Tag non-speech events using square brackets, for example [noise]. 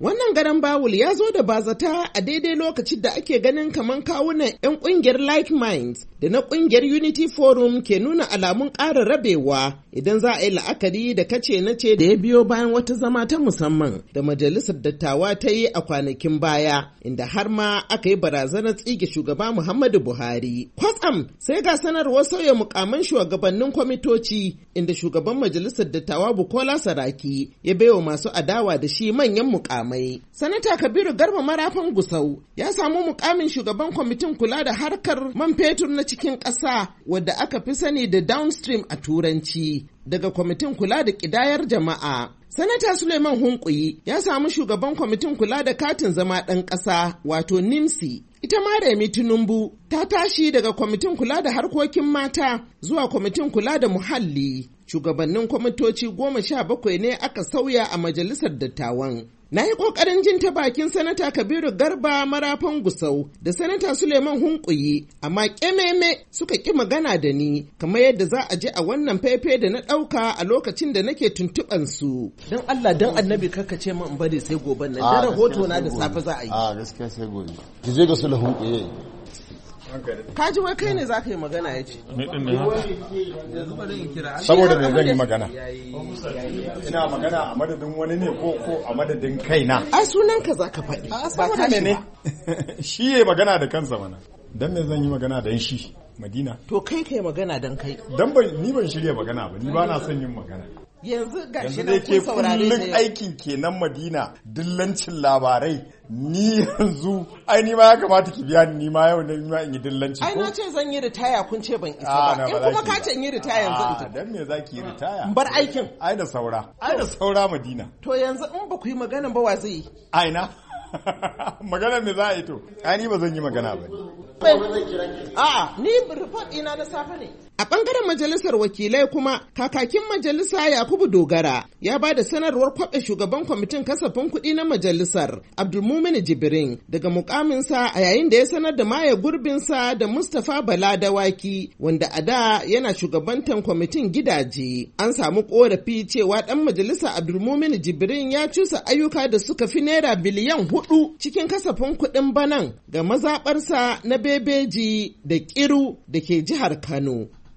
Wannan garan bawul ya zo da bazata a daidai lokacin da ake ganin kaman kawunan 'yan kungiyar Like Minds da na kungiyar Unity Forum ke nuna alamun ƙara rabewa idan za a yi la'akari da kace na ce da ya biyo bayan wata zama ta musamman da majalisar dattawa ta yi a kwanakin baya inda har ma aka yi barazanar tsige shugaba Muhammadu Buhari. Kwatsam sai ga sanarwar sauya mukaman shugabannin kwamitoci inda shugaban majalisar dattawa Bukola Saraki ya baiwa masu adawa da shi manyan mukamai. Sanata Kabiru Garba Marafan Gusau ya samu mukamin shugaban kwamitin kula da harkar man fetur na cikin ƙasa wadda aka fi sani da downstream a turanci daga kwamitin kula da ƙidayar jama'a. Sanata Suleiman Hunkuyi ya samu shugaban kwamitin kula da katin zama ɗan ƙasa wato NIMSI. Ita ma Remi Tinubu ta tashi daga kwamitin kula da harkokin mata zuwa kwamitin kula da muhalli. shugabannin kwamitoci goma sha bakwai ne aka sauya a majalisar dattawan. Na yi ƙoƙarin jin ta bakin Sanata Kabiru Garba marafan Gusau da Sanata Suleiman Hunkuyi, amma ƙememe suka ƙi magana da ni, kamar yadda za a je a wannan faife da na ɗauka a lokacin da nake tuntuɓan su. Don Allah don annabi kakace ce in bari sai gobe nan, da ah, rahoto na da safe za a yi. A ah, gaskiya sai gobe. Ki je ga Suleiman Hunkuyi. ka ji wai kai ne za ka yi magana ya ce saboda me zan yi magana ina magana a madadin wani ne ko ko a madadin kaina a sunan ka za ka faɗi ba ka ne shi [laughs] ya magana da kansa mana dan me zan yi magana dan shi madina to kai kai magana dan kai dan ni ban shirya magana ba ni ba na son yin magana yanzu ga shi nan kun saurare ne aikin kenan madina dillancin labarai ni yanzu ai ni ma ya kamata ki biya ni ma yau ni ma in yi dillanci ko ai na ce zan yi ritaya kun ce ban isa ah, ba in kuma ka ce in yi ritaya yanzu ita ah, dan me zaki yi ritaya bar aikin ai da saura ai da saura madina to yanzu in ba ku yi magana ba wa zai yi ai na [laughs] magana me za a yi to ai ni ba zan yi magana ba a'a ni report ina na safe ne A ɓangaren majalisar wakilai kuma kakakin majalisa Yakubu Dogara ya ba da sanarwar kwaɓe shugaban kwamitin kasafin kuɗi na majalisar Abdulmumin Jibrin daga mukaminsa a yayin da ya sanar da maye gurbinsa da Mustapha Bala Dawaki wanda a da yana shugabantan kwamitin gidaje. An samu korafi cewa ɗan majalisa Abdulmumin Jibrin ya cusa ayyuka da suka fi naira biliyan hudu cikin kasafin kuɗin banan ga mazaɓarsa na bebeji da kiru da ke jihar Kano.